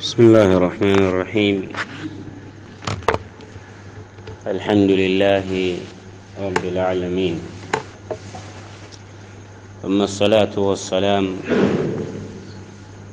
بسم الله الرحمن الرحيم الحمد لله رب العالمين ثم الصلاة والسلام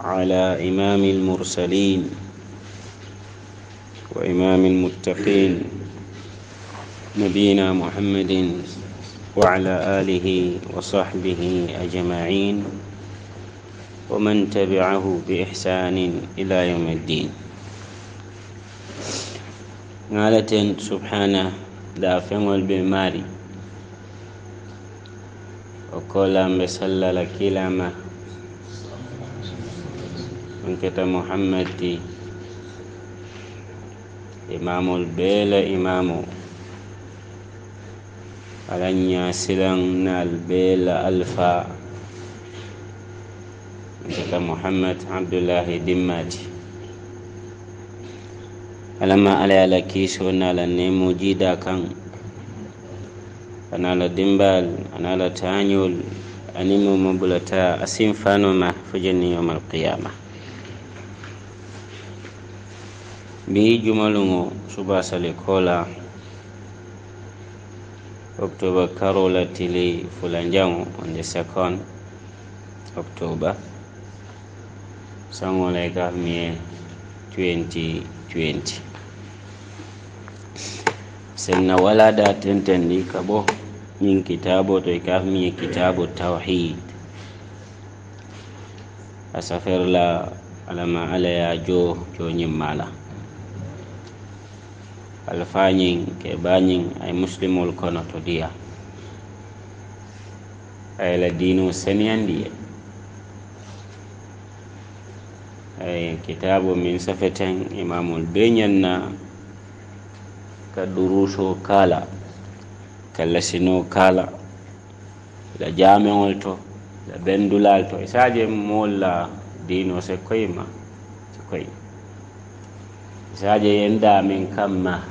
على إمام المرسلين وإمام المتقين نبينا محمد وعلى آله وصحبه أجمعين ومن تبعه بإحسان إلى يوم الدين نالة سبحانه لا فهم البمار وقال مسلا لكلامة من كتاب محمد إمام البيل إمامه alanya silang na albela alfa ka mohammad abdullahi dimmati alama ala ye ala kiso na la nemo jida kan ana la dimbal ana la tañol animo mo bulata a sin fanoma fo jenni yoma alqiyama bi jumalungo suba sali kola octobre karola tili fulanjango on the second octobre Sangolekahamie 2020 senna walada tentendi ka bo min kitabo to ikahamie kitabu tawhid asaferla alama ala ya jo joñimmala alfañin ke bañin ay muslimol kono to diya ayla diino seniyandi ay kitabu min safeten imamul beñanna ka duruso kala ka lasino kala la jameol to la bendulal to isaje molla dino se koyema se koy isaje yenda min kamma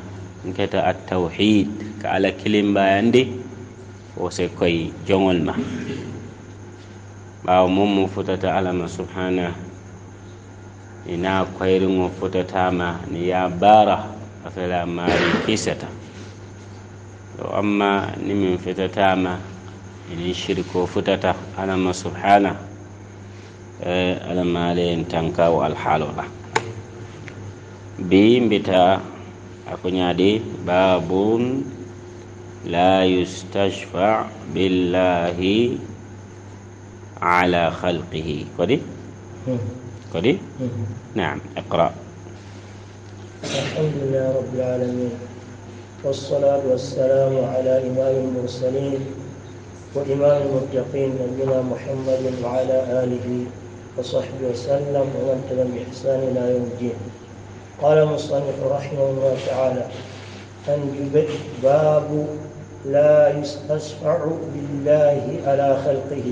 keta atawhid ka ala kilimbayandi o se koy jogol ma ɓawo mum mo futata alama subhanahu ina koyriŋo futatama ni ye baara a fela maari kisata yo amma ni min fitatama inin shirko futata alama subhana alama alayin tankawo alhalola bi mbita akuñaadi babun la yustashfa billahi ala khalqihi kodi قليل نعم اقرأ الحمد لله رب العالمين والصلاة والسلام على إمام المرسلين وإمام المتقين نبينا محمد وعلى آله وصحبه وسلم ومن تبع إحسان إلى يوم الدين قال المصنف رحمه الله تعالى أن باب لا يستشفع بالله على خلقه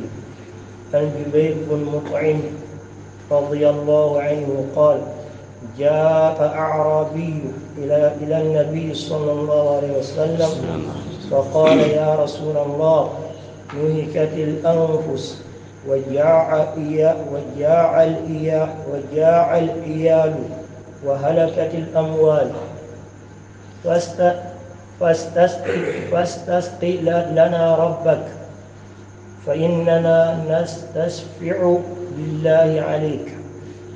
أن جبير بن مطعم رضي الله عنه قال جاء أعرابي إلى إلى النبي صلى الله عليه وسلم فقال يا رسول الله نهكت الأنفس وجاع إيا وجاع الإيا وجاع الإيال وهلكت الأموال فاست فاستسقي فاستسقي لنا ربك فإننا نستشفع بالله عليك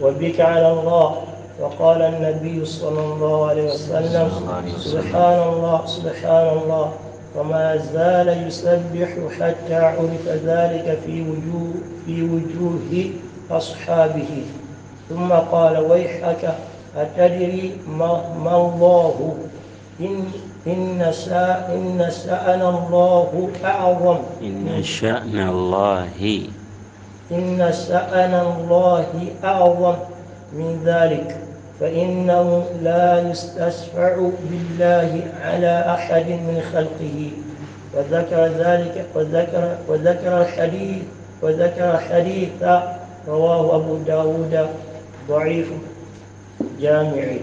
وبك على الله وقال النبي صلى الله عليه وسلم سبحان الله سبحان الله وما زال يسبح حتى عرف ذلك في وجوه في وجوه أصحابه ثم قال ويحك أتدري ما, ما الله إن إن شاء إن شأن الله أعظم إن شأن الله إن شأن الله أعظم من ذلك فإنه لا يستشفع بالله على أحد من خلقه وذكر ذلك وذكر وذكر الحديث وذكر حديث رواه أبو داود ضعيف جامعي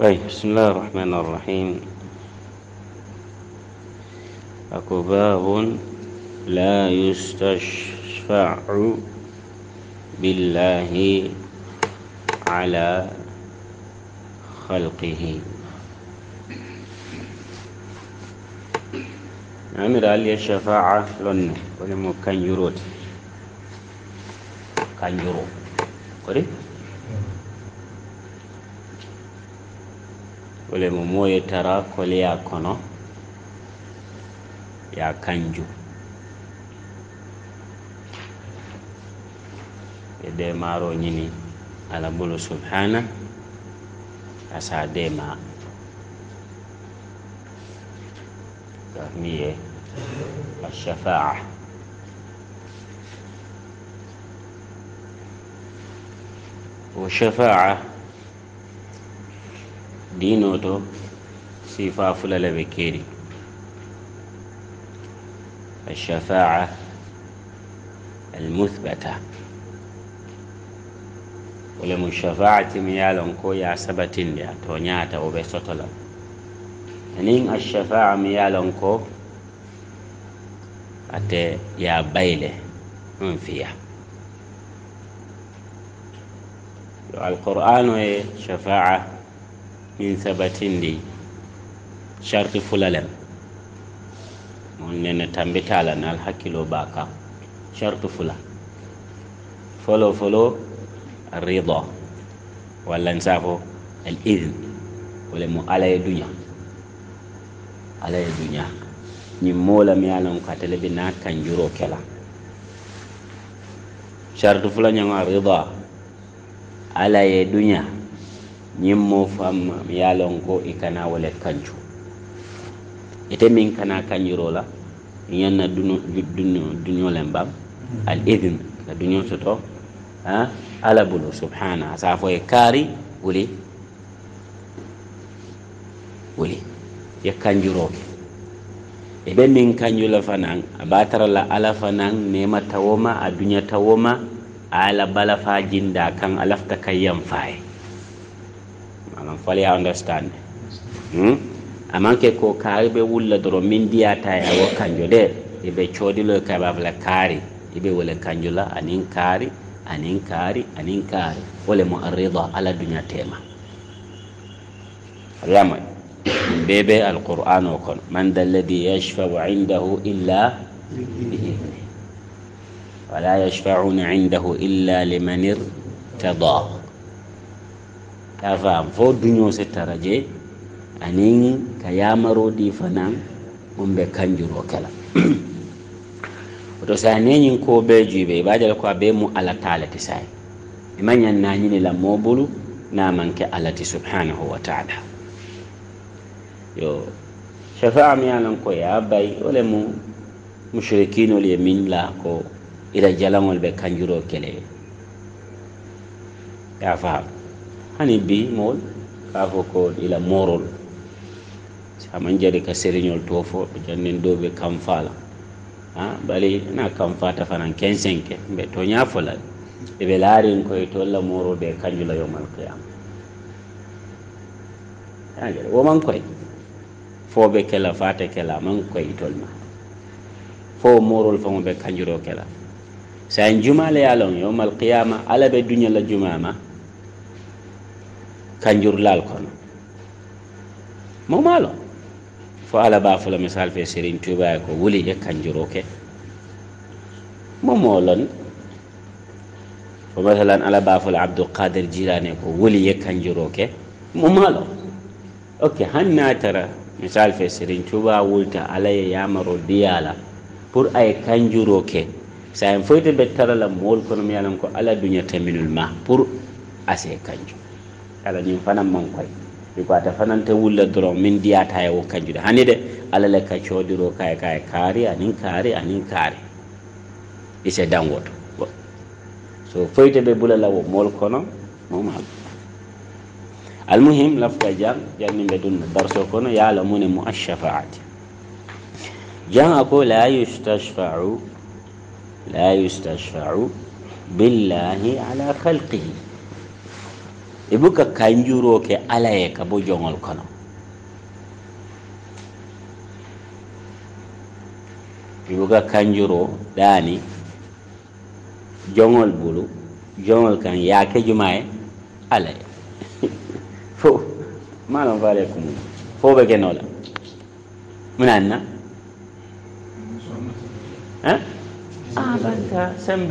طيب بسم الله الرحمن الرحيم أكو باب لا يستشفع بالله على خلقه امير علي الشفاعة لن ولم كان يروت كان يرو قري ولم مو يترى كليا كنو ya Kanju. Ɓe maro nyini ala bolo subhana asa dema kahmiye ashafaa wa dino to sifa fulala ɓe الشفاعة المثبتة ولم الشفاعة ميالون كو يا سبتين يا تونياتا وبيسوتلا نين الشفاعة ميالون كو أتي يا بيلة من فيها القرآن شفاعة من ثبتين دي شرط فلالم mon nene tambitala na al hakkilo baka kan shartu fula folo folo rida walla n safo al idne wole mo ala ye duña ala ye duña ñiŋ moo lami ye a loŋ ko atele naa kanjuro ke la shartu fula ñaŋo rida ala ye duña ñiŋ moo fam ye a loŋ ko i kana wo le kancu ite min kana kañiro la ñanna duño len bam hmm. al idin la duño soto ala bulu subhana sa fo kaari wuli wuli ye kanjuroke eɓe min kanjula a aba tarala ala fanan nema tawoma a duña tawoma a ala bala fa jinda kan alafta kayyam faye manan fal ya understand hmm? aman ke ko kaari be wulla doro min diya diyata e awo kanjo de ka ba kaɓa fala kaari eɓe wole kanjo la anin kaari anin kaari anin kaari wole mo arida ala dunya tema aɗayamoy bebe alqur'an o kono man ladhi yashfa wa indahu illa ولا يشفعون عنده إلا لمن ارتضى irtada فو faam fo anin ka yamaro ɗi fana on ɓe kanjuro kala oto sa nenin ko ɓe juɓe ibadal ko a ɓe mu alatalati say imañan e nañini lammobolu namanke alati subhanahu wa taala yo shafaa mi yalan ko ya bay wole mu mushrikinol ye min la ko ira jalagol ɓe kanjuro kele ya faam hani bi mool ka fo ko ila morol saman jari ka seriñol to fo jannen dow ɓe kamfala ha bali na kamfata fanan kensenke ɓe to ñafolal ɓeɓe laarin la moro be kanjula yomal qiyama man woman fo be kela fata kela man koye itol ma fo morol famo ɓe kanjuro kela sa en jumale yalon yomal qiyama ala ɓe duñala kanjur kanjurlal kono momalo fo ala ba fola misal fe serigne touba ko wuli e kanjuro ke momo lon fo masalan ala ba fula abdul qadir jilani ko wuli e kanjuro ke momo lo ok hanna tara misal fe serigne touba wulta ala ye yamaro diyala pour ay kanjuro ke sayen foyte be tara la mool kono mi yalan ko ala duñata taminul ma pour ase kanju ala ñum fanan man koye rikwata fananta wulla doron min diyata e wo kanjude hani de ala le ka coodiro kaye kaye kaari anin kaari anin kaari ise dangoto so foyte ɓe bula lawo mool kono momal almuhim lafta jam janninɓe ɗumna darso kono yalamune mo ashafaati jan ako la yustashfau la yustashfau billahi ala halqihi i bɛ ka kanjuruw kɛ ye ka bo jɔngɔli kono i bɛ ka kanjuruw daani jɔngɔli bolo jɔngɔli kan yaa kɛ juma ye ala ye fo malam fale kumu fo be kɛ nɔ la muna na eh? ah barka sɛn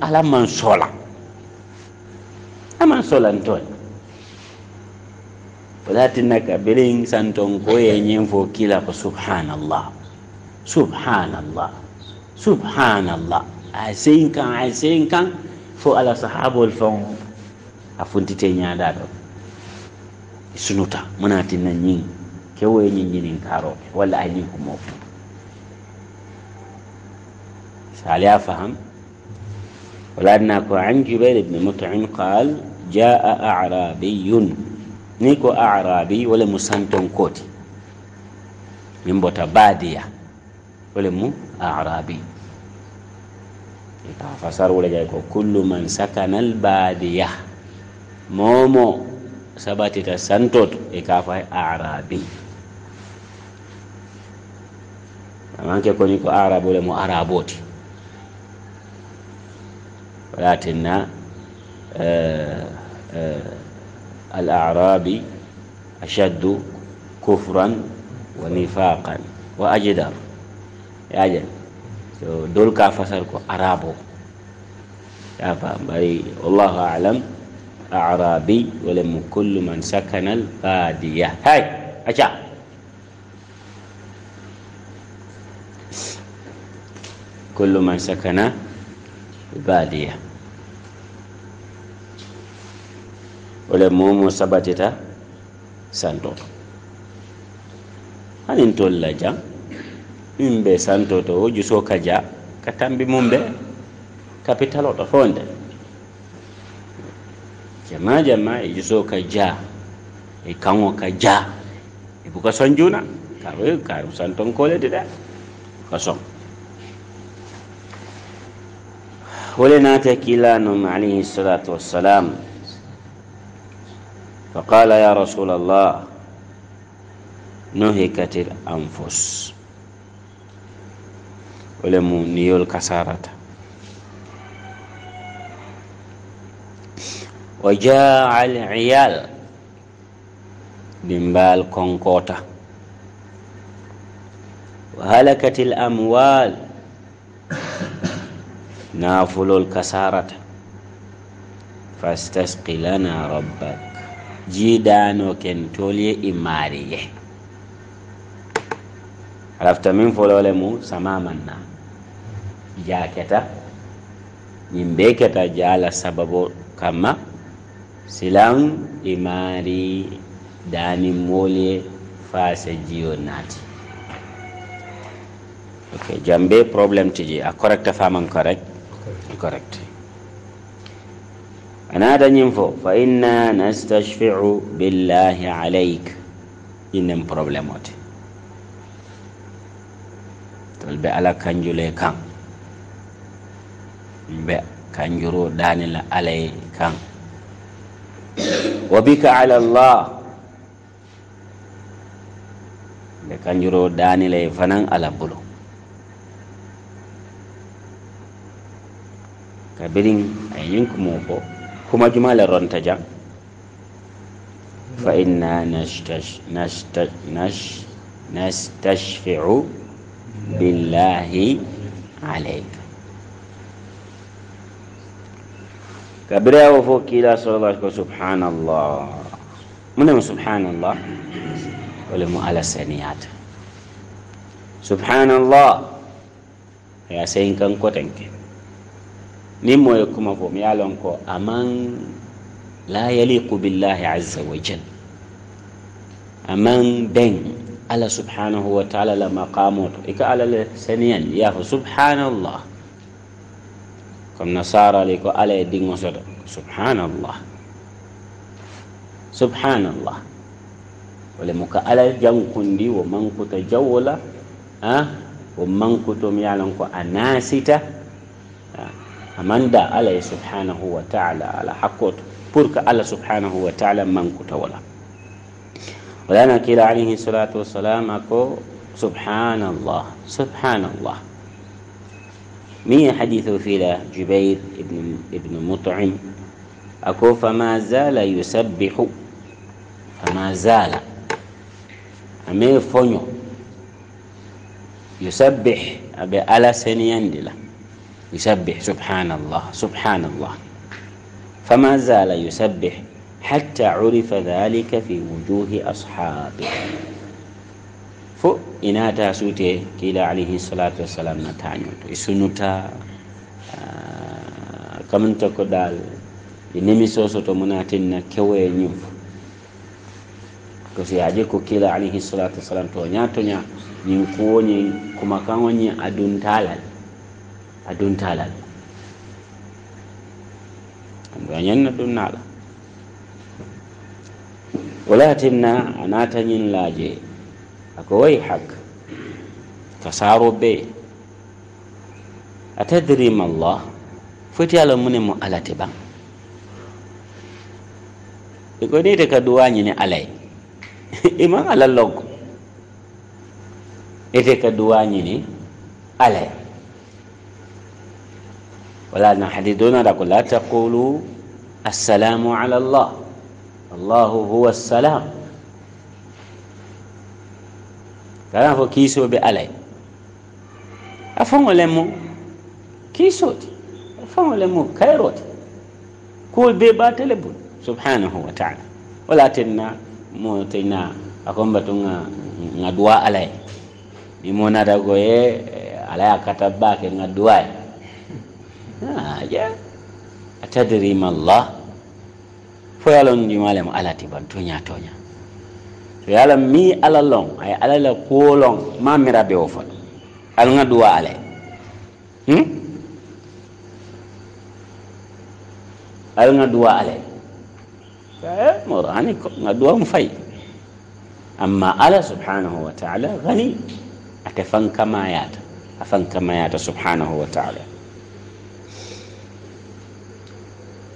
ala man sɔ aman solantoon o laatinaka beleyin santon koye ñiŋ fo kila ko subhanallah subhanallah subhanallah a seyin kan a seyin kan fo ala sahabol faŋ a funtite ñaada ɗo sunuta munatinna ñiŋ ke woye ñiŋ ñinin kaaroɓe walla a ñiŋ kumo fu saliya faham o laatina ko an jubair ibne mutain qal jaa arabiyun ni ko arabi wala mu santonkoti min bota badiya wala mu arabi ka fasar wala ko kullu man sakana al momo sabatita santoto e ka arabi amanke koni ko arabu wala mu araboti wala tinna uh, eh, آه، الأعرابي أشد كفرا ونفاقا وأجدر أجل دول كافسر أرابو يا فهمي. والله أعلم أعرابي ولم كل من سكن البادية هاي أشاء كل من سكن البادية wala momo sabatita santo hanin tol la jang min be santo to wo juso ka katambi ka tambi be kapitalo to fonde jama jama e juso ka e kango ka e buka son juna kawe karu santon kole dida ka son wole naate kiilanum alayhi salatu wassalam فقال يا رسول الله نهكت الأنفس ولم نيول كسارة وجاء العيال دمبال كونكوتا وهلكت الأموال نافل الكسارة فاستسقي لنا ربك jiɗano ken tolye imariye alafta min folole mu samamanna ja keta ñin be keta la sababo kamma silan imari dani molye fase jiyo naati ok jambe problème tiji a correcte faman correct correct a naatañin fo fa inna nastachfiu billahi alayk inen probléme o te tol be ala kanjule kan be kanjuru danila alaye kan wa bika ala llah be kanjuro danilaye fanan ala bulo kabirin ayñinkumo ko kuma jumalar ronta ja fa inna nastashfi'u billahi alayka كبرى وفوق إلى صلى الله عليه سبحان الله من هو سبحان الله ولم على سنيات سبحان الله يا سين كان كوتنكي ni mo ye kuma fɔ mi y'a lɔn kɔ a man la yaliqu billahi azza wa jal a man bɛn ala subhanahu wa ta'ala la maqamo to i ka ala le saniyan i y'a fɔ subhanallah comme nasara le ko ala ye diŋo soto subhanallah subhanallah wala mu ka ala jankundi wa man kuta jawo la ah wo man kuto mi y'a lɔn ko a naasita amanda ala ye subhanahu wa taala ala hakot purka ala subhanahu wa taala mankuta wala walana kila alihi salatu wa salam ako subhanallah subhanallah مي حديث فيلا جبير ابن ابن مطعم أكو فما زال يسبح فما زال أمي فنيو يسبح أبي ألا سنين دي يسبح سبحان الله سبحان الله فما زال يسبح حتى عرف ذلك في وجوه أصحابه fo inata suute kiila alayhi salatu wassalam na tañoto e sunuta kamanta ko dal e nemisosoto munatinna kewoye ñum fo to si aje ko kiila alayhi salatu wassalam to ñatoña ñin kuwoñin kumakaŋoñin aduntalal aduntalal ɗa ñanna ɗum naɗa walatinna a natañin laaje ako way hak ka saaro be a tadrima allah foti ala mune mo alate ɓan e ko nite ka duwañine alay ima ala logo ete ka duwañini alay ولا نحددون لا تقولوا السلام على الله الله هو السلام كان هو كيسو بألي أفهم لمو كيسو أفهم لمو كيروت كل بيبات لبون سبحانه وتعالى ولا تنا مو تنا أقوم بتونا ندوا عليه بمونا دعوة عليه كتب باك ندواي ya a tadiri mallah fo ye lon juma lemu ala ti ban toña toña so ye ala mi ala lon a ye ala la kuwo lon ma mira be wo fol ala ŋa duwa ala ye hmm? ala ŋa duwa ala ye moro ani ŋa duwa mu fayi amma ala subhanahu wa taala gani ate fankamayata a fankamayata subhanahu wa taala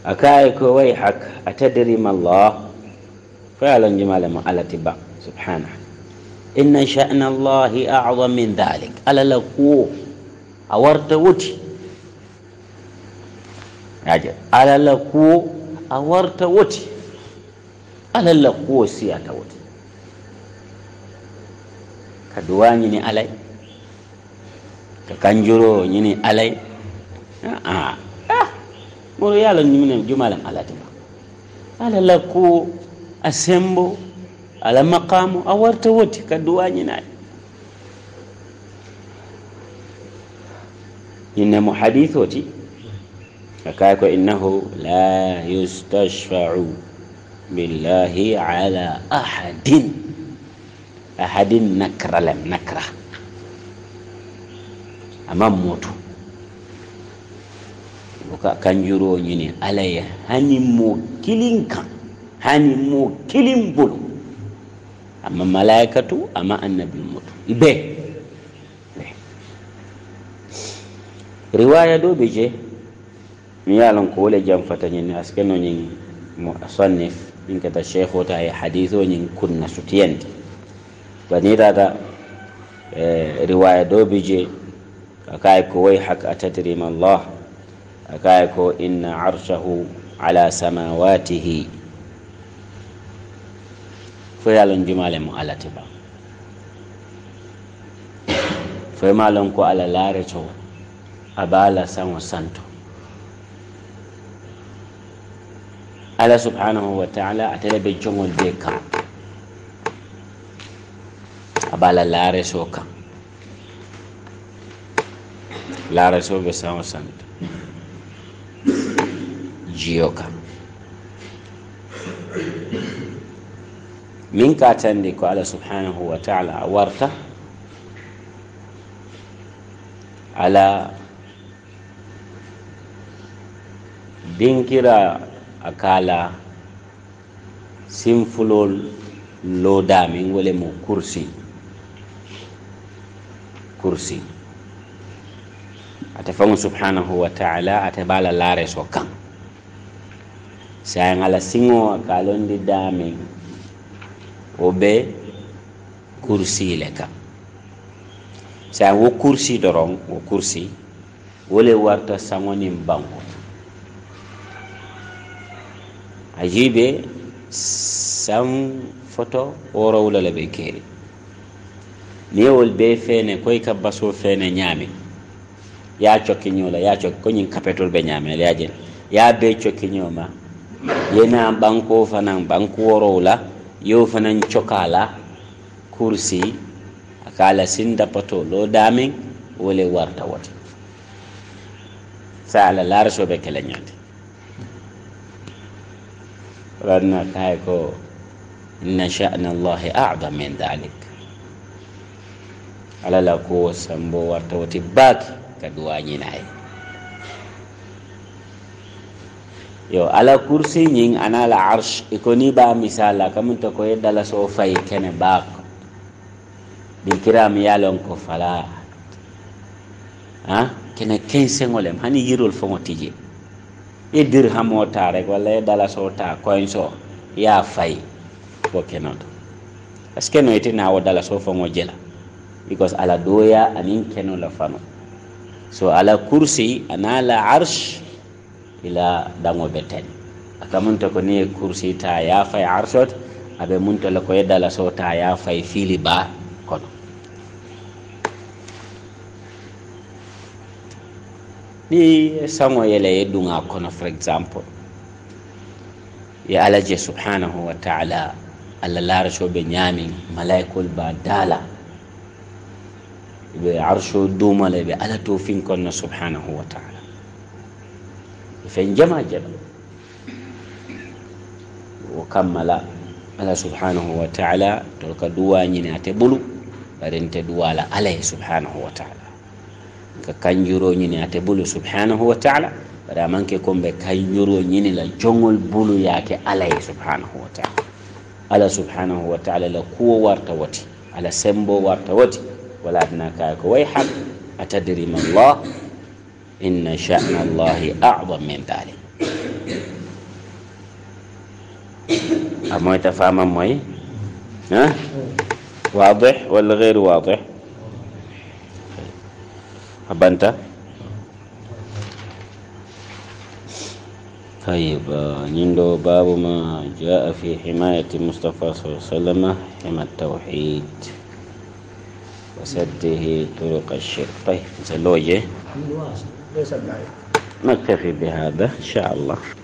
a ko wai hak a ta diri mallo fayalon ji malamin ba subhana inna sha'in allahi a min dalik alala kuwo a warta wuti alala kuwo a warta wuti alala kuwo siya ta wuti ka duwa ni alai ka kanjuro ni alai a'a moro ye ala ñumine juma lam alati ba ala la ko a sembo ala maqamu a warta woti ka duwañinaye innemo hadith oti akay ko innahu la yustashfau billahi ala ahadin ahadin nakralem nakra amam motu o kanjuro ɲini ala hani mo kilin kan hani mo kilin bolo amma malaikatu amma annabi mutu ibe riwaya do be je mi ye lon ko wo le janfata ñin aske no ñin mo sonnif min kata cheikho ta ye hadiseo ñin kunna sutiyandi bani tata eh, riwaya do be je akaye ko way hak atadrima allah akaye ko inna arshahu ala samawatihi fo ye lon jumale mu ala ti ba fo ye ma lon ko ala lare to abala ba ala santo ala subhanahu wa taala atele be joŋol bee kaŋ a ba laare so kaŋ laare so be saŋo santo jioka min ka ko ala subhanahu wa taala a warta ala dinkira akala simfulol loda min wole mo kursi kursi ate faŋo subhanahu wa taala atabala bala laare so sayaŋala siŋo a ka a londi daameŋ wo be kursii le kaŋ saya wo kursi doroŋ wo kursi wo le warta saŋo niŋ baŋo a jii be saŋ foto woorowo le le be keeri niŋ ye wolu bee feene ko i ka basoo feene ñaamiŋ ye a cokki ñoo la ye a cokki ko ñiŋ kapetolu be ñaamiŋ la ye a je ye a bee cokki ñoo ma yena banko fana banku worow la yo fana la kursi akala sinda pato lo damin wole warta wote sa ala larso be kala nyande ranna kay ko inna sha'na allahi a'dam min dhalik ala la ko sambo warta wote bak ka nyinaye yo ala kursi ñing ana la arsh ikoni ba misala kam to ko la so fay kene ba bi kiram ya lon ko fala ha ah, kene ken sengolem hani yirol fo motije e dirham o ta rek wala e la so ta coin so ya fay ko kenoto parce que no itina wo dala so fo mo jela because ala doya anin keno la fano so ala kursi ana la arsh ila dango beten akamunta ko ni kursi ta ya fay arshot abe munta la ko yedda so ta ya fay fili ba kono ni sango yele yedunga kono for example ya alaje subhanahu wa ta'ala alla larashoɓe ñaami malaikol ba daala ɓe arso dumala ɓe ala to subhanahu wa taala fɛn jama jama o kamma la ala subhanahu wa taala tol ka duwa ñini ate bulu bari nte duwa la ala subhanahu wa taala ka kanjuro ñini ate bulu subhanahu wa taala bari aman kombe kanjuro ñini la jongol bulu yaake ala ye subhanahu wa taala ala subhanahu wa taala la kuwo warta wati ala sembo warta wati wala adna kaya ko way hak atadrima allah إن شأن الله أعظم من ذلك أما تفهم أموي ها واضح ولا غير واضح أبا أنت طيب نندو باب ما جاء في حماية المصطفى صلى الله عليه وسلم حما التوحيد وسده طرق الشرك طيب جي ليس بعيد نكتفي بهذا إن شاء الله